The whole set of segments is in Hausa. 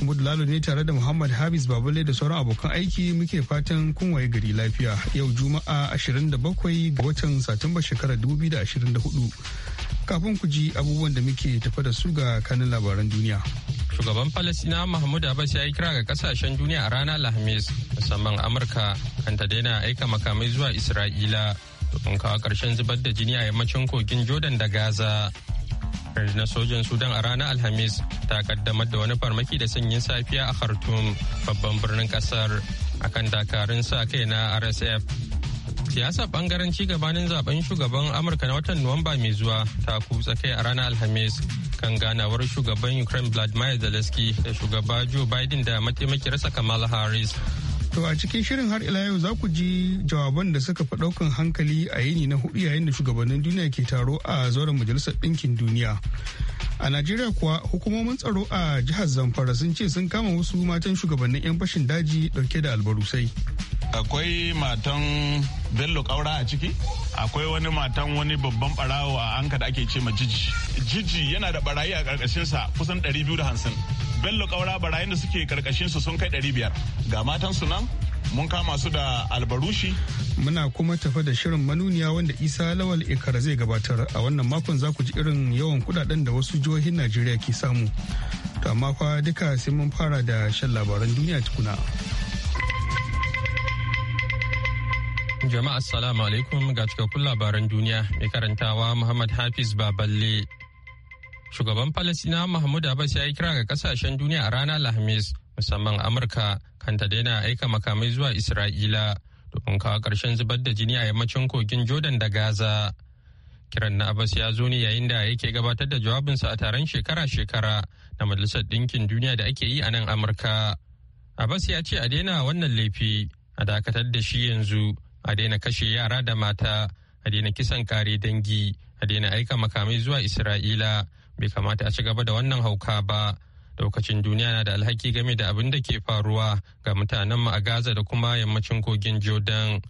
Mahmud Lalo ne tare da Muhammad habiz Babale da sauran abokan aiki muke fatan kun waye gari lafiya yau Juma'a 27 ga watan Satumba shekarar 2024. Kafin ku ji abubuwan da muke tafa da su ga kanin labaran duniya. Shugaban Falasina Mahmud Abbas ya yi kira ga kasashen duniya a ranar Alhamis musamman Amurka kan ta daina aika makamai zuwa Isra'ila domin kawo ƙarshen zubar da jini a yammacin kogin Jordan da Gaza. na sojan sudan a ranar alhamis ta kaddamar da wani farmaki da sanyin safiya a khartoum babban birnin kasar akan dakarun sa kai na rsf siyasa bangaren gabanin zaben shugaban amurka na watan nuwamba mai zuwa ta kutsa kai a ranar alhamis kan ganawar shugaban ukraine vladimir zelensky da shugaba joe biden da rasa kamala harris To a cikin shirin har ila yau za ku ji jawaban da suka fi ɗaukan hankali a yini na hudu yayin da shugabannin duniya ke taro a zauren majalisar ɗinkin duniya. A Najeriya kuwa hukumomin tsaro a jihar Zamfara sun ce sun kama wasu matan shugabannin 'yan fashin daji ɗauke da albarusai. Akwai matan Bello Kaura a ciki, akwai wani matan wani babban barawo a anka da ake ce ma jiji. Jiji yana da barayi a ƙarƙashinsa kusan 250. bello kaura barayin da suke karkashin su sun kai biyar ga matan su nan mun kama su da albarushi muna kuma tafa da shirin manuniya wanda isa lawal ikara zai gabatar a wannan makon za ku ji irin yawan kudaden da wasu jihohin najeriya ke samu to amma fa duka sai mun fara da shan labaran duniya tukuna jama'a assalamu alaikum ga cikakkun labaran duniya mai karantawa muhammad hafiz baballe Shugaban Falasina Mahmud Abbas ya yi kira ga kasashen duniya a ranar Alhamis musamman Amurka kan ta daina aika makamai zuwa Isra'ila domin kawo ƙarshen zubar da jini a yammacin kogin Jordan da Gaza. Kiran na Abbas ya zo ne yayin da yake gabatar da jawabinsa a taron shekara-shekara na Majalisar Ɗinkin Duniya da ake yi a nan Amurka. Abbas ya ce a daina wannan laifi a dakatar da shi yanzu a daina kashe yara da mata a daina kisan kare dangi a daina aika makamai zuwa Isra'ila bai kamata a ci gaba da wannan hauka ba lokacin duniya na da alhaki game da abin da ke faruwa ga mutanenmu a gaza da kuma yammacin kogin jordan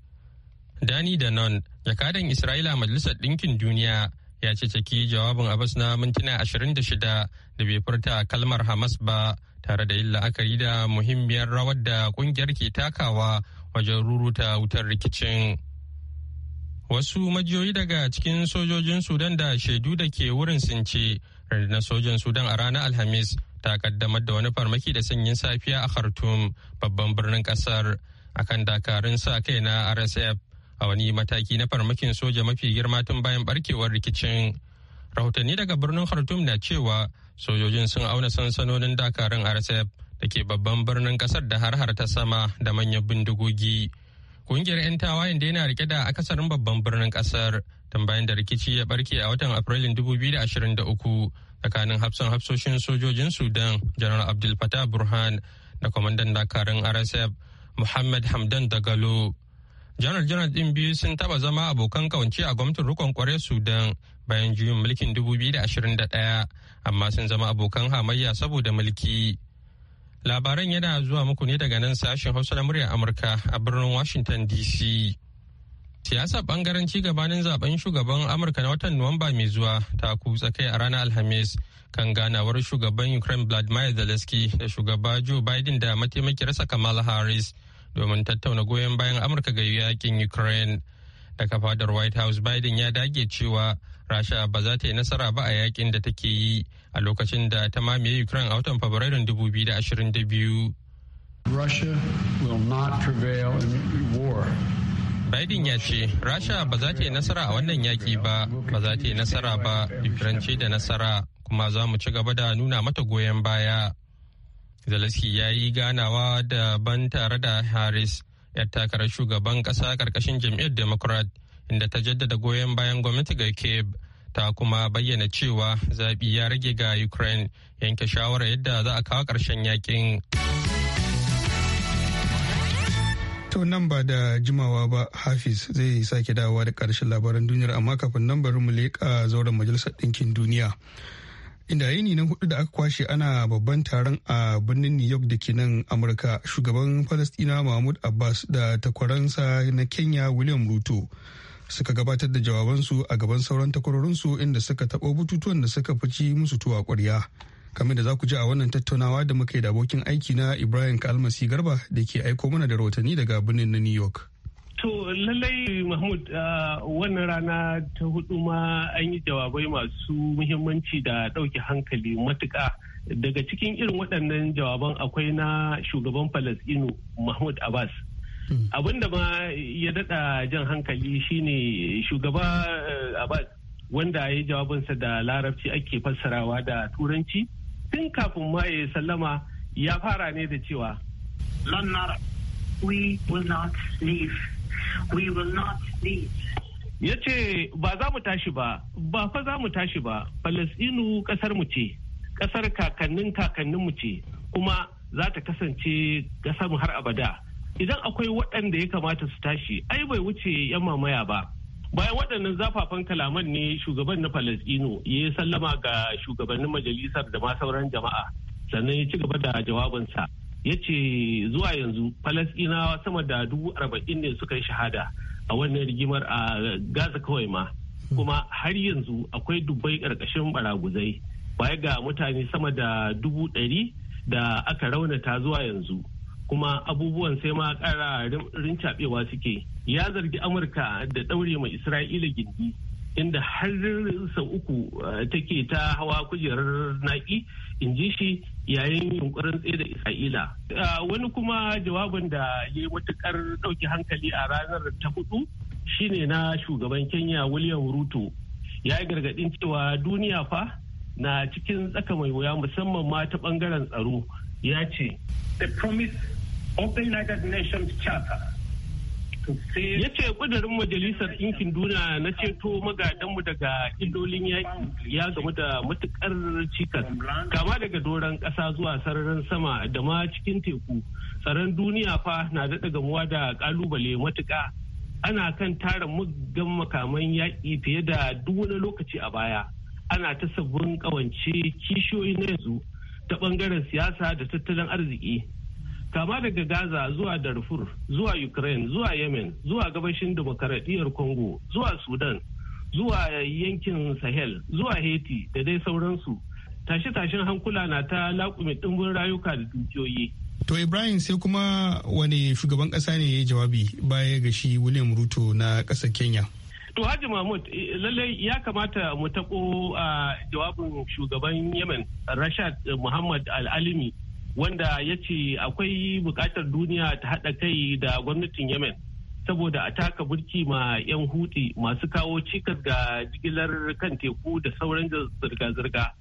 dani da non jakadan isra'ila majalisar ɗinkin duniya ya ce ciki jawabin abbas na mintuna 26 da bai furta kalmar hamas ba tare da yin la'akari da muhimmiyar rawar da kungiyar ke takawa wajen ruruta wutar rikicin wasu majiyoyi daga cikin sojojin sudan da shaidu da ke wurin sun ce na sojan sudan a ranar alhamis ta kaddamar da wani farmaki da sanyin safiya a khartoum babban birnin kasar kan dakarun sa kai na rsf a wani mataki na farmakin soja mafi girma tun bayan barkewar rikicin rahotanni daga birnin khartoum na cewa sojojin sun auna sansanonin dakarun rsf da ke babban birnin kasar da har har ta sama da manyan bindigogi Kungiyar 'yan tawayen da yana rike da akasarin babban birnin kasar bayan da rikici ya barke a watan Afrilun 2023 tsakanin hafsan hafsoshin sojojin Sudan General Abdul Fattah Burhan da kwamandan dakarun RSF Muhammad Hamdan Dagalo. janar janar din biyu sun taba zama abokan kawance a gwamnatin rikon kwarai sudan bayan juyin mulkin 2021 amma sun zama abokan hamayya saboda mulki Labaran yana zuwa muku ne daga nan sashen Hausa na muryar Amurka a birnin Washington DC. Siyasa bangaren gabanin zaben shugaban Amurka na watan Nuwamba mai zuwa ta kutsa kai a ranar Alhamis kan ganawar shugaban Ukraine Vladimir Zelensky da shugaba Joe Biden da mataimakiyarsa Kamala Harris domin tattauna goyon bayan Amurka ga yakin Ukraine. daga fadar white house biden ya dage cewa rasha ba za ta yi nasara ba a yakin da take yi a lokacin da ta mamaye ukraine a watan fabrairun 2022 Biden ya ce, Rasha ba za ta yi nasara a wannan yaƙi ba, ba za ta yi nasara ba, ce da nasara, kuma za mu ci gaba da nuna mata goyon baya. Zelensky ya yi ganawa da ban tare da Harris 'yar takarar shugaban kasa karkashin jam'iyyar democrat inda ta jaddada goyon bayan gwamnati ga kiev ta kuma bayyana cewa zabi ya rage ga ukraine yanke shawarar yadda za a kawo karshen yakin to nan ba da jimawa ba hafiz zai sake dawowa da ƙarshen labaran duniyar amma kafin nan bari mu leƙa zauren majalisar ɗinkin duniya inda yini na hudu da aka kwashe ana babban taron a birnin new york da ke nan amurka shugaban palestina mahmud abbas da takwaransa na kenya william ruto suka gabatar da jawabansu a gaban sauran takwarorinsu inda suka taɓo bututuwan da suka fici musu tuwa ƙwarya kamar da za ku ji a wannan tattaunawa da muka yi da abokin aiki na ibrahim kalmasi garba da ke aiko mana da rahotanni daga birnin na new york To lallai Mahmud wannan rana ta hudu ma an yi jawabai masu muhimmanci da ɗauke hankali matuka Daga cikin irin waɗannan jawaban akwai na shugaban Falasɗinu Mahmud Abbas. Hmm. Abin da ma ya daɗa jan hankali shine shugaba e, Abbas wanda ya yi jawabinsa da larabci ake fassarawa da turanci tun kafin ma ya sallama ya fara ne da cewa. we will not leave We will Ya ce ba za mu tashi ba, ba fa za mu tashi ba, Falasɗinu ƙasar mu ce, kasar kakannin kakannin mu ce, kuma za ta kasance kasar mu har abada. Idan akwai waɗanda ya kamata su tashi, ai bai wuce 'yan mamaya ba. bayan waɗannan zafafan kalaman ne shugaban na falasɗinu ya sallama ga shugabannin majalisar da ma sauran jama'a sannan ya ci gaba da jawabinsa ya ce zuwa yanzu falasɗinawa sama da dubu arba'in ne suka yi shahada a wannan rigimar a gaza kawai ma kuma har yanzu akwai dubbai ƙarƙashin baraguzai baya ga mutane sama da dubu ɗari da aka raunata zuwa yanzu kuma abubuwan sai ma ƙara rincaɓewa suke ya zargi amurka da ɗaure mai isra'ila gindi inda har sau uku eh, take ta hawa kujerar naƙi in ji shi yayin yunkurin tsaye da isra'ila eh, wani kuma jawabin da ya yi matukar ɗauki hankali a ranar ta hudu shine na shugaban kenya william ruto ya yi gargaɗin cewa duniya fa na cikin tsaka mai wuya musamman ma ta bangaren tsaro ya ce the promise of the united nations charter ya ce ƙudurin majalisar ɗinkin duniya na ceto magadanmu daga illolin yaƙi ya gamu da matuƙar cikas kama daga doron ƙasa zuwa sararin sama da ma cikin teku tsaron duniya fa na daɗa gamuwa da ƙalubale matuƙa ana kan tara muggan makaman yaƙi fiye da duk wani lokaci a baya ana ta sabbin ƙawance kishiyoyi na yanzu ta ɓangaren siyasa da tattalin arziki kama daga Gaza zuwa Darfur, zuwa Ukraine, zuwa Yemen, zuwa gabashin demokaradiyyar Congo, zuwa Sudan, zuwa yankin Sahel, zuwa Haiti da dai sauransu. Tashe-tashen hankula na ta laƙumi ɗimbin rayuka da dukiyoyi. To Ibrahim sai kuma wani shugaban ƙasa ne ya jawabi baya ga shi William Ruto na ƙasar Kenya. To Haji Mahmud eh, lallai ya kamata mu taɓo a ah, jawabin shugaban Yemen Rashad Muhammad Al-Alimi wanda ya ce akwai bukatar duniya ta haɗa kai da gwamnatin yemen saboda a taka burki ma 'yan hutu masu kawo cikas ga jigilar kan teku da sauran zirga-zirga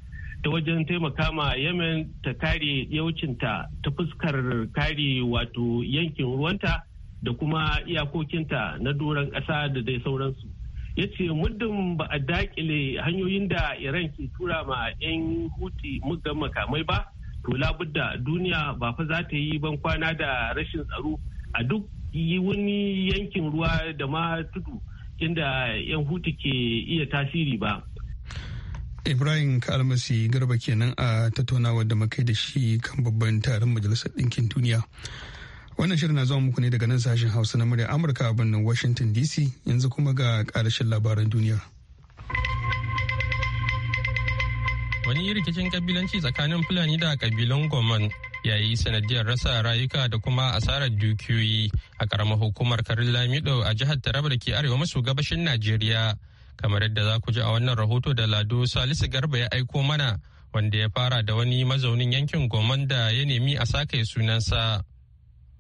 ta wajen taimaka ma yemen ta kare yaucinta ta fuskar kare wato yankin ruwanta da kuma iyakokinta na doron ƙasa da dai sauransu ya ce muddin ba a dakile hanyoyin da iran ke tura ma 'yan huti mugan makamai ba to labudda duniya ba fa za ta yi ban kwana da rashin tsaro a duk yi wani yankin ruwa da ma tudu inda yan hutu ke iya tasiri ba ibrahim kalmasi garba kenan a tattaunawar da makai da shi kan babban taron majalisar ɗinkin duniya wannan shirin na zuwa muku ne daga nan sashen hausa na murya amurka a birnin washington dc yanzu kuma ga ƙarashin labaran duniyar. wani rikicin kabilanci tsakanin fulani da kabilan goman ya yi sanadiyar rasa rayuka da kuma asarar dukiyoyi a karamar hukumar karin lamido a jihar taraba da ke arewa maso gabashin najeriya kamar yadda za ku ji a wannan rahoto da lado salisu garba ya aiko mana wanda ya fara da wani mazaunin yankin goman da ya nemi a sake sunansa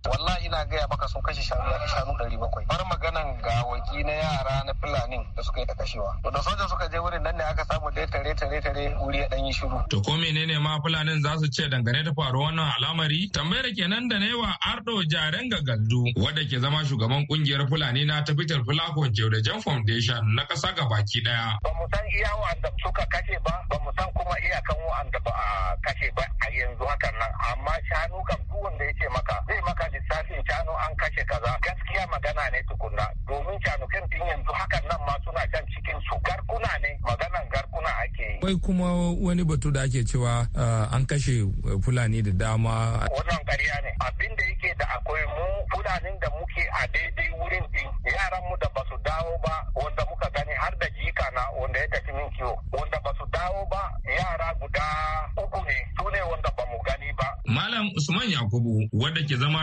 wallahi ina gaya maka sun kashe shanu ɗari bakwai bar maganan waki na yara na fulanin da suka yi ta kashewa to da soja suka je wurin nan ne aka samu dai tare tare tare wuri ya dan yi shiru. to ko menene ma fulanin za su ce dangane da faruwar wannan al'amari tambayar kenan da ne wa ardo jaren ga galdu wadda ke zama shugaban kungiyar fulani na tafitar fulakon da jan foundation na ƙasa gabaki ɗaya. ba mu san iya wanda suka kashe ba ba mu san kuma iyakan wanda ba a kashe ba a yanzu hakan nan amma shanu kam duk wanda ya maka zai maka lissafin shanu an kashe kaza gaskiya magana ne tukunna domin kan din yanzu hakan nan ma suna can cikin su garkuna ne maganan garkuna ake yi. Wai kuma wani batu da ake cewa eh, an kashe eh, Fulani da dama. Wannan ƙarya ne abinda yake da akwai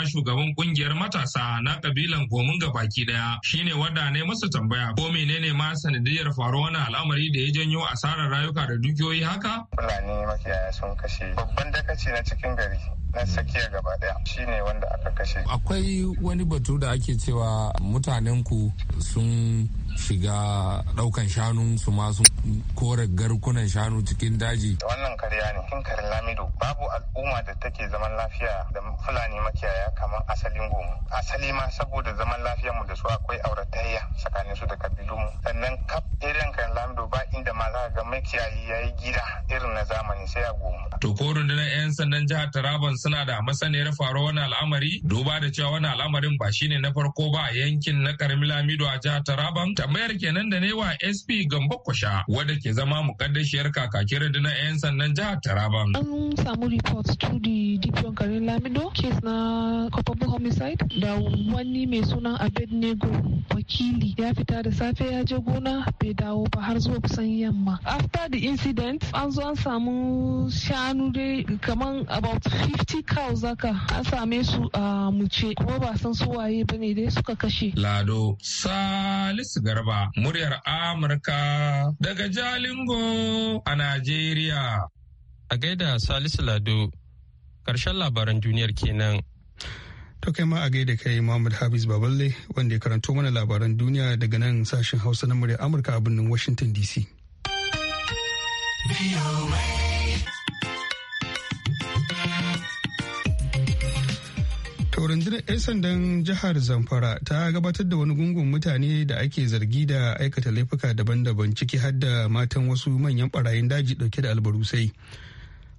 shugaban kungiyar matasa na kabilan komin ga baki daya shine wanda ne masa tambaya ko menene ma sanadiyar faruwar wani al'amari da ya janyo asarar rayuka da dukiyoyi haka? Fulani makiyaya sun kashe babban dakaci na cikin gari na tsakiya gaba daya shine wanda aka kashe. Akwai wani batu da ake cewa mutanen ku sun shiga daukan shanu su masu kore garkunan shanu cikin daji. Wannan karya ne kin karin lamido babu al'umma da take zaman lafiya da fulani makiyaya kamar asalin gomu. Asali ma saboda zaman lafiyar mu da su akwai auratayya tsakanin su da kabilu mu. Sannan kaf irin karin lamido ba inda ma za ga makiyayi ya yi gida irin na zamani sai a gomu. To ko rundunar 'yan sandan jihar Taraban suna da masaniyar faruwar wani al'amari duba da cewa wani al'amarin ba shine na farko ba a yankin na karamin lamido a jihar Taraban tambayar kenan da ne wa sp gambo kwasha wadda ke zama mukaddashiyar kakakin rundunar 'yan sandan jihar taraban an samu report to the dipion garin lamido case na culpable homicide da wani mai sunan abednego wakili ya fita da safe ya je gona bai dawo ba har zuwa kusan yamma after the incident an zo an samu shanu dai kaman about 50 cows zaka an same su a muce kuma ba san su waye ba ne dai suka kashe lado salisu Garba, muryar Amurka daga Jalingo a Najeriya. A gaida Salisu Lado, ƙarshen labaran duniyar kenan. To kai ma a gaida kai Muhammad Habis Baballe wanda ya karanto mana labaran duniya daga nan sashen Hausa na muryar Amurka a birnin Washington DC. rundunar 'yan sandan jihar zamfara ta gabatar da wani gungun mutane da ake zargi da aikata laifuka daban-daban ciki har da matan wasu manyan barayin daji dauke da albarusai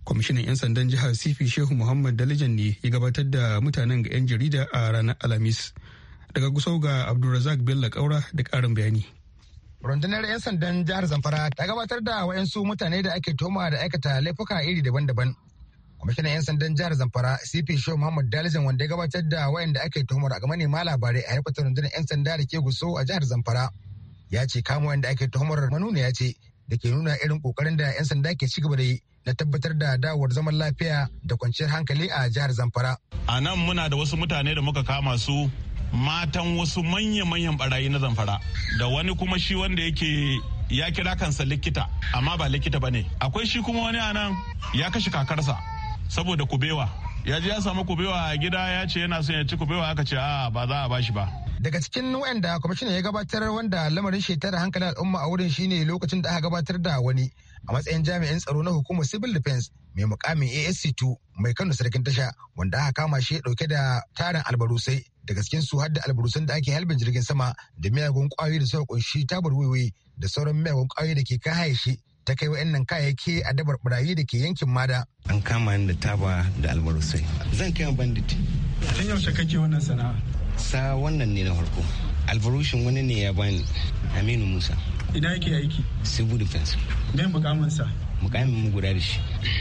kwamishinan 'yan sandan jihar sifi shehu muhammad dalijan ne ya gabatar da mutanen ga 'yan jarida a ranar alhamis daga gusau ga abdulrazak bello kaura da karin bayani rundunar 'yan sandan jihar zamfara ta gabatar da wayansu mutane da ake toma da aikata laifuka iri daban-daban kwamishinan 'yan sandan jihar zamfara cp show muhammad dalijan wanda ya gabatar da wayanda ake tuhumar a manema labarai a harkatar rundunar 'yan sanda da ke guso a jihar zamfara ya ce kama da ake tuhumar ya ce da ke nuna irin kokarin da 'yan sanda ke cigaba da yi na tabbatar da dawowar zaman lafiya da kwanciyar hankali a jihar zamfara a nan muna da wasu mutane da muka kama su matan wasu manya-manyan barayi na zamfara da wani kuma shi wanda yake ya kira kansa likita amma ba likita ba ne akwai shi kuma wani a nan ya kashe kakarsa saboda kubewa ya ji ya samu kubewa a gida ya ce yana son ya ci kubewa aka ce a ba za a bashi ba daga cikin wayanda kwamishinan ya gabatar wanda lamarin shetara hankali al'umma a wurin shine lokacin da aka gabatar da wani a matsayin jami'in tsaro na hukumar civil defense mai mukamin asc2 mai kano sarkin tasha wanda aka kama shi dauke da tarin albarusai daga cikin su har da albarusan da ake halbin jirgin sama da miyagun kwayoyi da suka kunshi tabar wiwi da sauran miyagun kwayoyi da ke kai shi ta kai nan kayayyaki a dabar barayi da ke yankin mada. An kama ni da taba da albarusai. Zan kai bandit. Tun yaushe kake wannan sana'a? Sa wannan ne na farko. Albarushin wani ne ya bani Aminu Musa. Ina yake aiki? Civil Defense. Me mukamin sa? Mukamin mu guda da shi.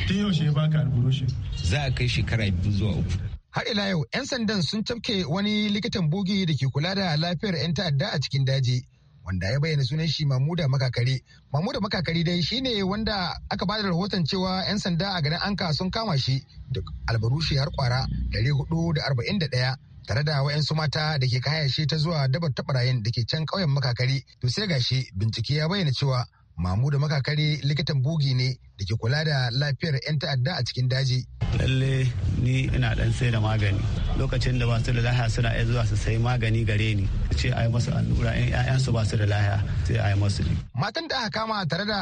Tun yaushe ya baka albarushin? Za a kai shekara biyu zuwa uku. har ila yau 'yan sandan sun cafke wani likitan bogi da ke kula da lafiyar 'yan ta'adda a cikin daji wanda ya bayyana sunan shi Mamuda Makakari. Mamuda Makakari dai shine wanda aka ba da rahoton cewa 'yan sanda a garin Anka sun kama shi da albarushi har kwara 441 tare da wayansu mata da ke kaya shi ta zuwa dabar tabarayin da ke can ƙauyen Makakari. To sai gashi bincike ya bayyana cewa mamu da makakare likitan bugi ne da ke kula da lafiyar 'yan ta'adda a cikin daji lalle ni ina dan sai da magani lokacin da ba su da lahiya suna iya zuwa su sai magani gare ni ce a yi masu allura in 'ya'yansu ba su da lahiya sai a yi masu matan da aka kama tare da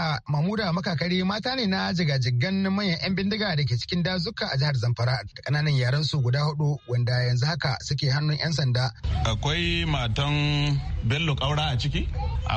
da makakare mata ne na jigajigan manyan 'yan bindiga da ke cikin dazuka a jihar zamfara da kananan yaran su guda hudu wanda yanzu haka suke hannun 'yan sanda akwai matan bello kaura a ciki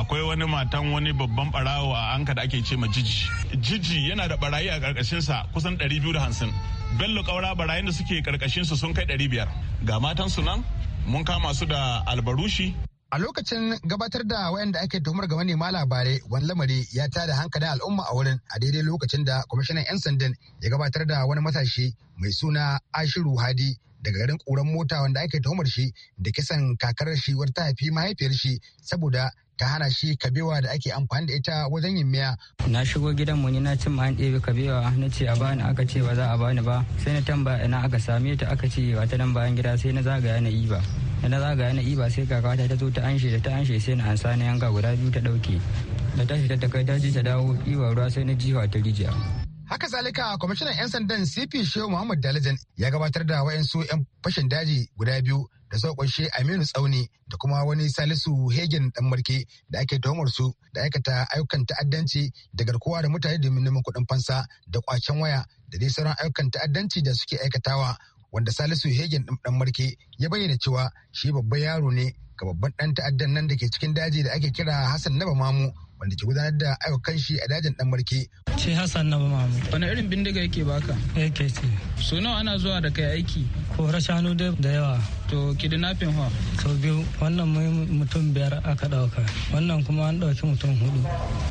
akwai wani matan wani babban barawo yawo a anka da ake ce ma jiji jiji yana da barayi a karkashinsa kusan 250 bello kaura barayin da suke karkashinsu sun kai 500 ga matan nan mun kama su da albarushi a lokacin gabatar da wayanda ake tuhumar ga manema labarai wani lamari ya tada hankalin al'umma a wurin a daidai lokacin da kwamishinan 'yan sandan ya gabatar da wani matashi mai suna ashiru hadi daga garin ƙuran mota wanda ake tuhumar shi da kisan kakar shi wata haifi mahaifiyar shi saboda ta hana shi kabewa da ake amfani da ita wajen yin miya. Na shigo gidan mu ni na cin an ɗebe kabewa na ce a bani aka ce ba za a bani ba sai na tambaya ina aka same ta aka ce wata nan bayan gida sai na zagaya na iba. Da na zagaya na iba sai kakata ta zo ta anshe da ta anshe sai na ansa na yanka guda biyu ta ɗauke. Da tashi ta takai ta ta dawo iwa ruwa sai na jiwa ta rijiya. Haka zalika kwamishinan 'yan sandan CP Shehu Muhammad Dalajan ya gabatar da wayansu 'yan fashin daji guda biyu da suka kunshi Aminu Tsauni da kuma wani Salisu Hegen dan marke da ake tuhumar su da aikata ayyukan ta'addanci da garkuwa da mutane domin neman kuɗin fansa da kwacen waya da dai sauran ayyukan ta'addanci da suke aikatawa wanda Salisu Hegen dan marke ya bayyana cewa shi babban yaro ne ga babban dan ta'addan nan da ke cikin daji da ake kira Hassan na Mamu wanda ke gudanar da ayyukan shi a dajin dan marke. ce hassan na mamu wani irin bindiga yake baka yake ce so nawa ana zuwa da kai aiki kora shanu da yawa to kidnapping ha sau biyu wannan mai mutum biyar aka dauka wannan kuma an dauki mutum hudu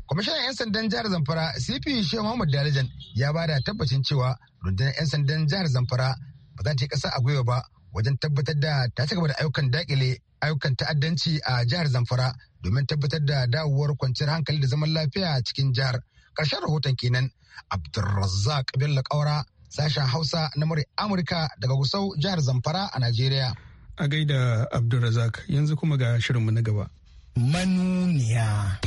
kwamishinan yan sandan jihar zamfara cp shehu muhammad dalajan ya bada tabbacin cewa rundunar yan sandan jihar zamfara ba za ta yi kasa a gwiwa ba wajen tabbatar da ta ci gaba da ayyukan dakile ayyukan ta'addanci a jihar zamfara domin tabbatar da dawowar kwanciyar hankali da zaman lafiya a cikin jihar. Ƙarshen rahoton kenan Abdulrazzaq Bello Kaura sashen Hausa na muri Amurka daga Gusau jihar Zamfara a Najeriya. A gaida Abdulrazzaq yanzu kuma ga shirinmu na gaba. Manuniya.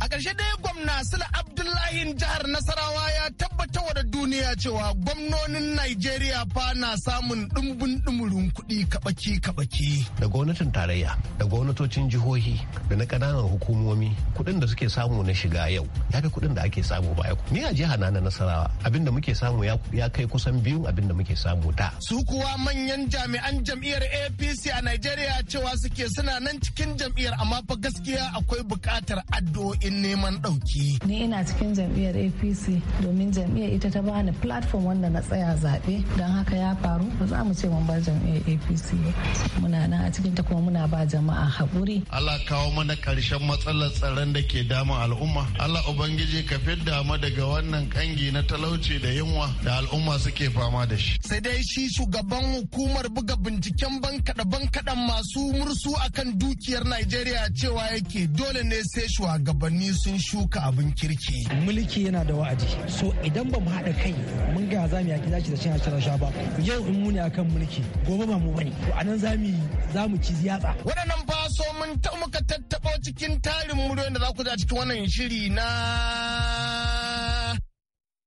A ƙarshe dai gwamna Abdullahi jihar Nasarawa ya tabbatar da duniya cewa gwamnonin Najeriya fa na samun ɗumbin ɗumurin kuɗi kabaki kabaki. Da gwamnatin tarayya, da gwamnatocin jihohi, da na ƙananan hukumomi, kuɗin da suke samu na shiga yau, ya fi kuɗin da ake samu baya. Ni a jiha na Nasarawa, abin da muke samu ya kai kusan biyun abin da muke samu da. Su kuwa manyan jami'an jam'iyyar APC a Najeriya cewa suke suna nan cikin jam'iyyar amma fa gaskiya akwai buƙatar addu'o'in neman ɗauki. Ni ina cikin jam'iyyar APC domin jam'iyyar jam'iyyar ita ta bani platform wanda na tsaya zaɓe don haka ya faru ba za mu ce mun bar jam'iyyar apc ba muna nan a cikin ta kuma muna ba jama'a haƙuri. allah kawo mana ƙarshen matsalar tsaron da ke damun al'umma allah ubangiji ka fidda mu daga wannan kangi na talauci da yunwa da al'umma suke fama da shi. sai dai shi shugaban hukumar buga binciken ban bankaɗan masu mursu akan dukiyar najeriya cewa yake dole ne sai shugabanni sun shuka abin kirki. mulki yana da wa'adi so idan idan ba mu haɗa kai mun ga za mu yaki zaki da cin hanci rasha ba yau in mu akan mulki gobe ba mu bane to anan za mu za mu ci ziyatsa waɗannan faso so mun ta muka tattabo cikin tarin muryoyin da za ku ja cikin wannan shiri na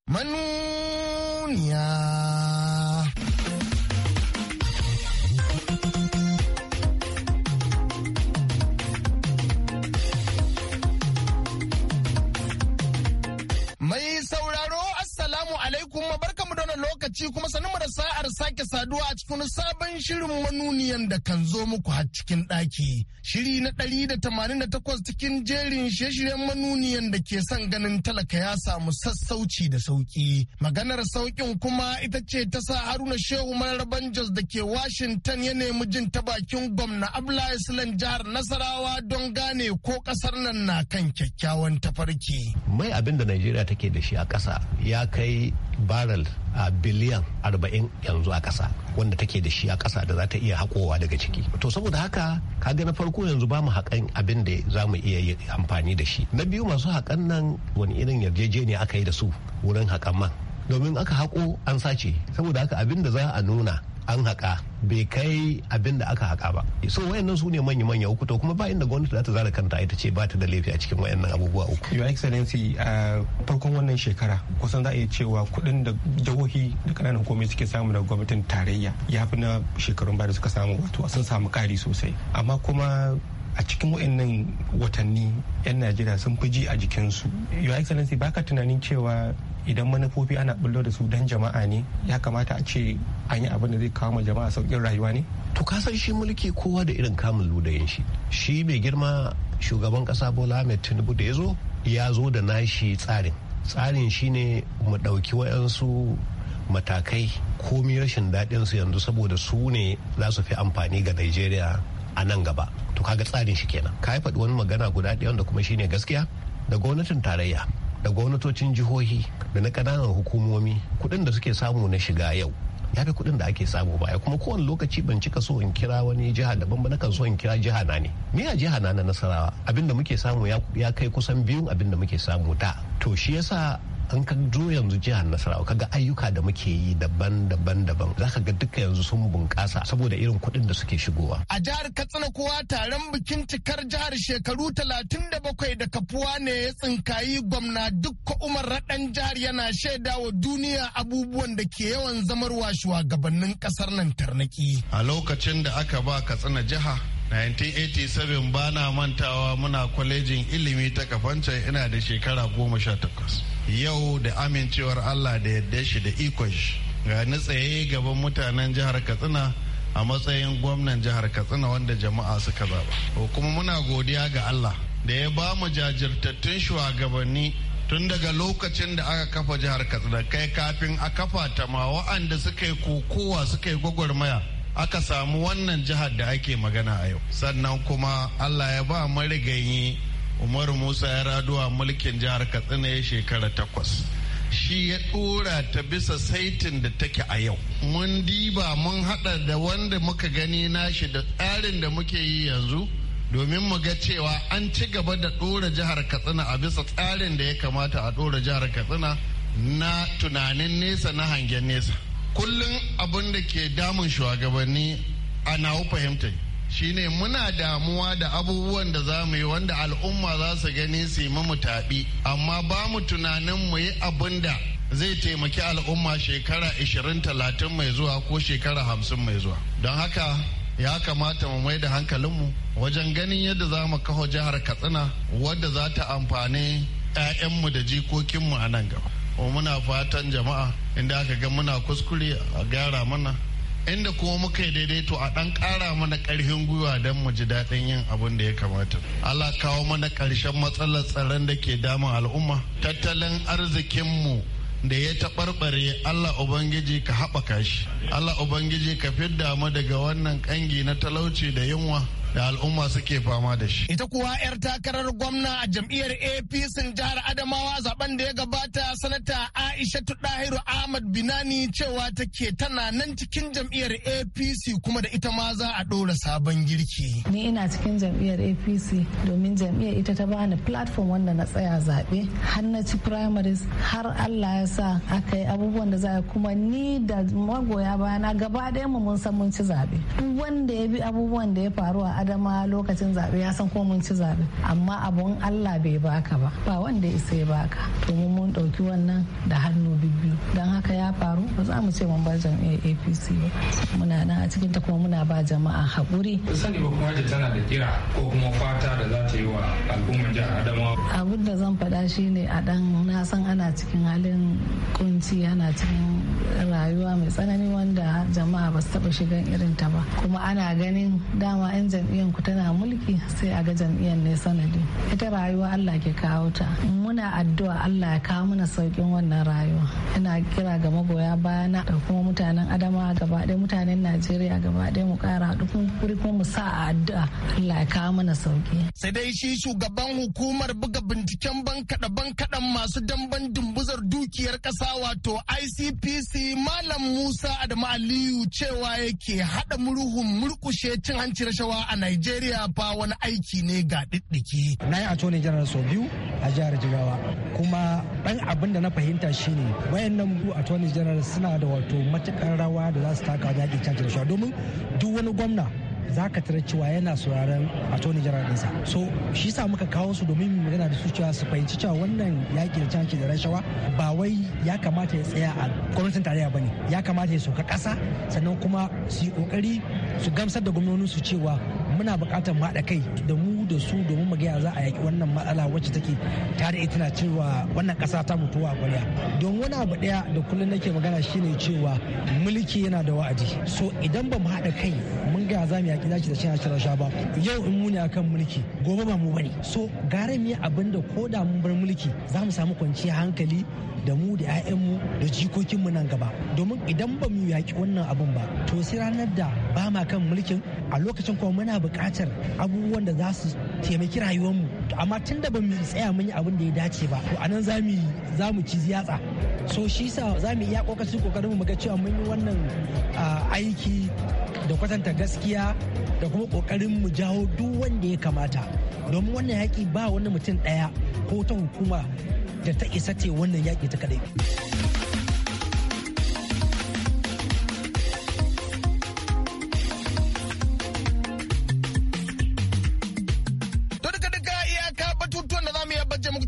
manuniya lokaci kuma sanin da sa'ar sake saduwa a cikin sabon shirin manuniyan da kan zo muku har cikin ɗaki. Shiri na ɗari da tamanin da takwas cikin jerin shirye-shiryen manuniyan da ke son ganin talaka ya samu sassauci da sauki. Maganar saukin kuma ita ce ta sa Haruna Shehu Mararban Jos da ke Washington ya nemi jin ta bakin gwamna Abdullahi Sulan jihar Nasarawa don gane ko ƙasar nan na kan kyakkyawan tafarki. Mai abin da Najeriya take da shi a ƙasa ya kai baral a biliyan arba'in yanzu a ƙasa wanda take da shi a ƙasa da za ta iya haƙowa daga ciki to saboda haka kaga na farko yanzu ba mu haƙan abin da za mu iya yi amfani da shi na biyu masu haƙan nan wani irin yarjejeniya aka yi da su wurin haƙan man domin aka haƙo an sace saboda haka abin da za a nuna an haƙa bai kai abin da aka haƙa ba so wayannan su ne manya manya uku to kuma ba inda gwamnati za ta zara kanta ita ce ba ta da laifi a cikin wayannan abubuwa uku your excellency a uh, farkon wannan shekara kusan za a iya cewa kuɗin da jihohi da ƙananan komai suke samu daga gwamnatin tarayya ya fi na shekarun baya da suka samu wato sun samu kari sosai amma kuma a cikin wa'annan watanni 'yan najeriya sun fi ji a jikinsu your excellency baka tunanin cewa idan manufofi ana bullo da su dan jama'a ne ya kamata a ce an yi abin da zai kawo ma jama'a sauƙin rayuwa ne to ka san shi mulki kowa da irin kamun ludayin shi shi mai girma shugaban ƙasa bola ahmed tinubu da ya zo ya zo da nashi tsarin tsarin shine mu ɗauki wayansu matakai komi rashin daɗinsu yanzu saboda su ne za su fi amfani ga nigeria a nan gaba to kaga tsarin shi kenan ka yi faɗi wani magana guda ɗaya wanda kuma shine gaskiya da gwamnatin tarayya da gwamnatocin jihohi da na ƙananan hukumomi kuɗin da suke samu na shiga yau ya fi kuɗin da ake samu baya kuma kowane lokaci ban cika so in kira wani jiha daban ba nakan so in kira jiha na ne me ya jiha na na nasarawa abinda muke samu ya kai kusan biyun abinda muke samu da to shi yasa An ka zo yanzu jihar nasarawa kaga ayyuka da muke yi daban-daban daban za ka ga duka yanzu sun bunƙasa saboda irin kuɗin da suke shigowa a jihar katsina kowa taron bikin cikar jihar shekaru talatin da bakwai da kafuwa ne ya tsinkayi gwamna dukka umar raɗan jihar yana shaida wa duniya abubuwan da ke yawan zamarwa shugabannin ƙasar nan tarnaki a lokacin da aka ba katsina jiha 1987 bana mantawa muna kwalejin ilimi ta kafancan ina da shekara goma sha takwas yau da amincewar allah da yadda shi da ikon shi ga ni tsaye gaban mutanen jihar katsina a matsayin gwamnan jihar katsina wanda jama'a suka zaba kuma muna godiya ga allah da ya ba mu jajirtattun shugabanni tun daga lokacin da aka kafa jihar katsina kai kafin a kafa ta ma wa'anda suka yi kokowa suka yi gwagwarmaya aka samu wannan jihar da ake magana a yau sannan kuma allah ya ba rigayi umaru musa ya raduwa mulkin jihar katsina ya shekara takwas shi ya dora ta bisa saitin da take a yau mun diba mun hada da wanda muka gani nashi da tsarin da muke yi yanzu domin mu ga cewa an ci gaba da dora jihar katsina a bisa tsarin da ya kamata a dora jihar katsina na tunanin nesa na hangen nesa kullum abin da ke damun shugabanni ana nawo fahimta shine muna damuwa da abubuwan da za mu yi wanda al'umma za su gani su yi mu taɓi amma ba mu tunanin mu yi abin da zai taimaki al'umma shekara 20-30 mai zuwa ko shekara 50 mai zuwa don haka ya kamata mu mai da hankalinmu wajen ganin yadda za mu kawo jihar katsina wadda za ta amfani 'ya'yanmu da jikokinmu a nan gaba muna fatan jama'a inda aka ga muna kuskure a gyara mana inda kuma muka yi daidai to a dan kara mana karfin gwiwa don mu ji daɗin yin abin da ya kamata. Allah kawo mana ƙarshen matsalar tsaron da ke damun al'umma. Tattalin arzikinmu da ya taɓarɓare Allah Ubangiji ka haɓaka shi. Allah Ubangiji ka fidda mu daga wannan ƙangi na talauci da yunwa. da al'umma suke fama da shi. Ita kuwa 'yar takarar gwamna a jam'iyyar APC jihar Adamawa zaben da ya gabata sanata Aisha Dahiru Ahmad Binani cewa take tana nan cikin jam'iyyar APC kuma da ita ma za a ɗora sabon girki. Ni ina cikin jam'iyyar APC domin jam'iyyar ita ta bani platform wanda na tsaya zaɓe har na ci primaries har Allah ya sa aka yi abubuwan da za a kuma ni da magoya bayana gaba ɗaya mu mun san mun ci zaɓe. Wanda ya bi abubuwan da ya faru a adama lokacin zaɓe ya san ko mun ci zaɓe amma abun allah bai baka ba ba wanda isa ya baka to mun mun ɗauki wannan da hannu biyu don haka ya faru ba za mu ce mun ba jam'iyyar apc ba muna nan a cikin ta kuma muna ba jama'a haƙuri. sani ba kuma tana da kira ko kuma fata da za ta yi wa al'ummar jihar adamawa. abin da zan faɗa shine a ɗan na san ana cikin halin kunci ana cikin rayuwa mai tsanani wanda jama'a ba su taba shigan irin ta ba kuma ana ganin dama yan jam'iyyar ku tana mulki sai a ga jam'iyyar ne sanadi ita rayuwa Allah ke kawo ta muna addu'a Allah ya kawo mana saukin wannan rayuwa ina kira ga magoya bayana da kuma mutanen adama gaba ɗaya mutanen Najeriya gaba ɗaya mu kara mun kuri kuma mu sa a addu'a Allah ya kawo mana sauki sai dai shi shugaban hukumar buga binciken kaɗan-ban bankaɗan masu damban dumbuzar dukiyar ƙasa wato ICPC sai malam musa adamu aliyu cewa yake haɗa murhun murkushe cin hanci rashawa a nigeria ba wani aiki ne ga ɗiɗɗiki na yi a attorney jiran sau biyu a jihar jigawa kuma ɗan abin da na fahimta shi ne shine biyu a attorney jiran suna da wato matukar rawa da za su taka wajen yaƙi cin rashawa domin duk wani gwamna za ka tara cewa yana sauraron attorney general ɗinsa so shi sa muka kawo su domin magana da su cewa su fahimci cewa wannan yaƙi da canci da rashawa ba wai ya kamata ya tsaya a gwamnatin tarayya ba ne ya kamata ya sauka ƙasa sannan kuma su yi ƙoƙari su gamsar da gwamnonin su cewa muna bukatar mu haɗa kai da mu da su domin mu ga za a yaki wannan matsala wacce take ta da tana cewa wannan ƙasa ta mutuwa kwarya don wani abu ɗaya da kullum nake magana shine cewa mulki yana da wa'adi so idan ba mu haɗa kai mun gaya za mu yaki zaki da cin hashe ba yau in muni kan mulki gobe ba mu bane so gara mu yi abin da ko da mun bar mulki za mu samu kwanciyar hankali da mu da 'ya'yanmu da jikokinmu nan gaba domin idan ba mu yaƙi wannan abun ba to sai ranar da ba ma kan mulkin a lokacin kuma muna buƙatar abubuwan da za su taimaki rayuwarmu amma tun da ba mu tsaya mun yi abin da ya dace ba to anan za mu za mu ci yatsa so shi sa za mu iya kokarin kokarin mu ga cewa mun yi wannan aiki da kwatanta gaskiya da kuma kokarin mu jawo duk wanda ya kamata domin wannan yaƙi ba wani mutum ɗaya ko ta hukuma da ta isa ce wannan yaƙi ta kaɗai.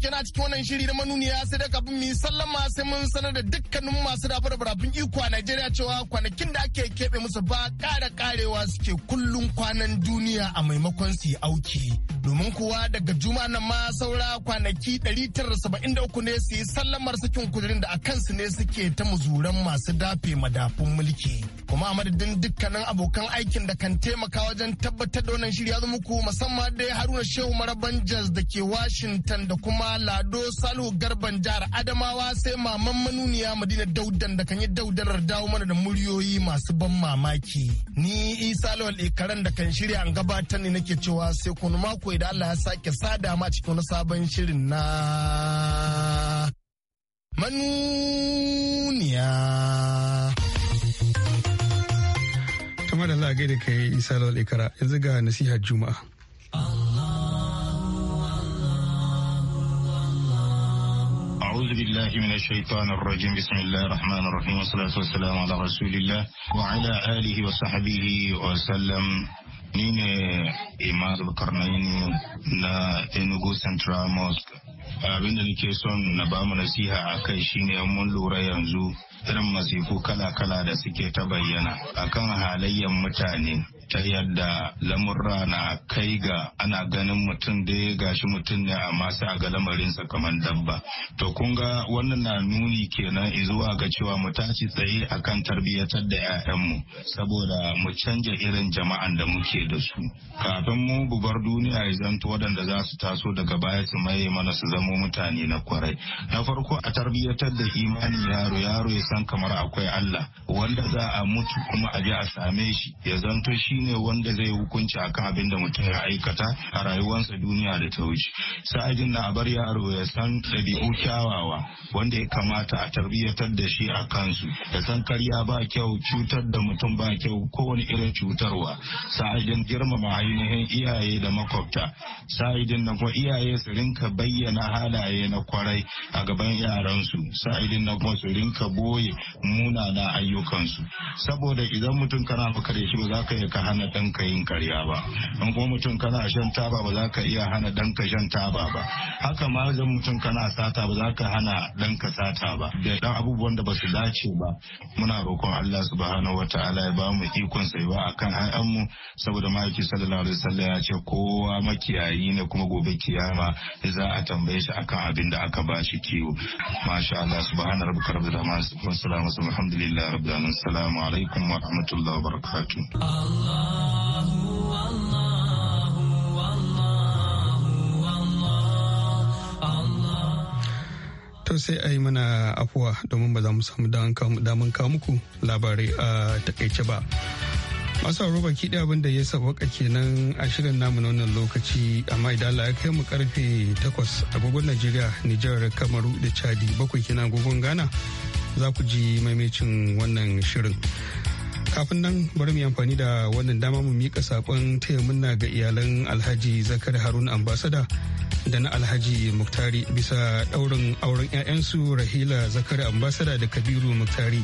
a cikin wannan shiri na manuniya sai da kafin mu sallama sai mun sanar da dukkanin masu dafa da barafin iko a Najeriya cewa kwanakin da ake keɓe musu ba ƙara ƙarewa suke kullum kwanan duniya a maimakon su yi auki. domin kuwa daga juma nan ma saura kwanaki 973 ne su yi sallamar sakin kudirin da a kansu ne suke ta muzuran masu dafe madafun mulki kuma a madadin dukkanin abokan aikin da kan taimaka wajen tabbatar da wannan shirya zama muku musamman da haruna shehu maraban jaz da ke washington da kuma lado salihu garban jihar adamawa sai maman manuniya madina daudan da kan yi daudarar dawo mana da muryoyi masu ban mamaki ni isa lawal ikaran da kan shirya an gabatar ne nake cewa sai kunu mako da Allah ya sake sada ma cikin wani sabon shirin na manuniya. Kamar da Allah gaida kai Isa Lawal Ikara yanzu ga nasihar Juma'a. أعوذ بالله من الشيطان الرجيم بسم الله الرحمن الرحيم والصلاة والسلام على رسول الله وعلى آله وصحبه وسلم من إمام القرنين نا إنوغو سنترا موسك abin da nake son na ba mu nasiha a kai shine yan mun lura yanzu irin masifu ta yadda lamurra na kai ga ana ganin mutum dai gashi mutum ne amma sai a ga lamarinsa kamar dabba to kun ga wannan na nuni kenan zuwa ga cewa mu tashi tsaye akan tarbiyyatar da 'ya'yanmu saboda mu canja irin jama'an da muke da su kafin mu gubar duniya ya zanto waɗanda za su taso daga baya su maye mana su zamo mutane na kwarai na farko a tarbiyyatar da imani yaro yaro ya san kamar akwai Allah wanda za a mutu kuma a je a same shi ya zanto shi ne wanda zai hukunci akan abin da mutum ya aikata a rayuwarsa duniya da ta wuce sa'adin na bar yaro ya san ɗabi'u kyawawa wanda ya kamata a tarbiyyatar da shi a kansu ya san karya ba kyau cutar da mutum ba kyau kowane irin cutarwa sa'adin girmama ainihin iyaye da makwabta sa'adin na kuma iyaye su rinka bayyana halaye na kwarai a gaban yaransu sa'adin na kuma su rinka boye munana ayyukansu saboda idan mutum kana maka da shi ba za ka yi ka hana ɗanka yin karya ba in kuma mutum kana shan taba ba za ka iya hana ɗanka shan taba ba haka ma da mutum kana sata ba za ka hana ɗanka sata ba da ɗan abubuwan da ba su dace ba muna roƙon Allah subhanahu wa ta'ala ya ba mu ikon ba akan mu saboda ma'aiki sallallahu alaihi wasallam ya ce kowa makiyayi ne kuma gobe kiyama za a tambaye shi akan abin da aka ba shi kiwo masha Allah subhanahu rabbika rabbil wa ta'ala rabbil alamin wassalamu alaikum wa rahmatullahi wa barakatuh to sai a yi mana afuwa domin ba za mu samu daman kawo muku labarai a takaice ba masu aro baki da abin da ya sabaka kenan a shirin namu na wannan lokaci amma idan Allah ya kai mu karfe 8 agogon Najeriya Nijar Kamaru da Chadi bakwai kenan agogon Ghana za ku ji maimacin wannan shirin kafin nan bari mu yi amfani da wannan dama mu mika saƙon taya murna ga iyalan alhaji zakar harun ambasada da na alhaji muktari bisa ɗaurin auren 'ya'yansu rahila zakar ambasada da kabiru muktari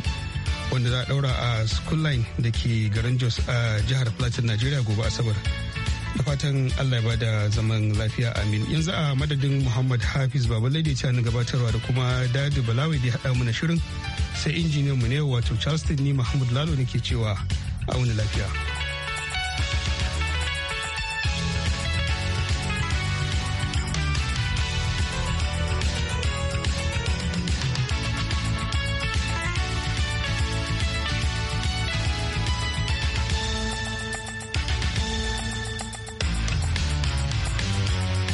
wanda za a daura a school line da ke garin jos a jihar plateau nigeria gobe asabar da fatan allah ba da zaman lafiya amin yanzu a madadin muhammad hafiz babalai da ya gabatarwa da kuma dadi balawai da ya haɗa mana shirin sai injiniyan mu ne wato charleston ni mahmud lalo ne ke cewa a wani lafiya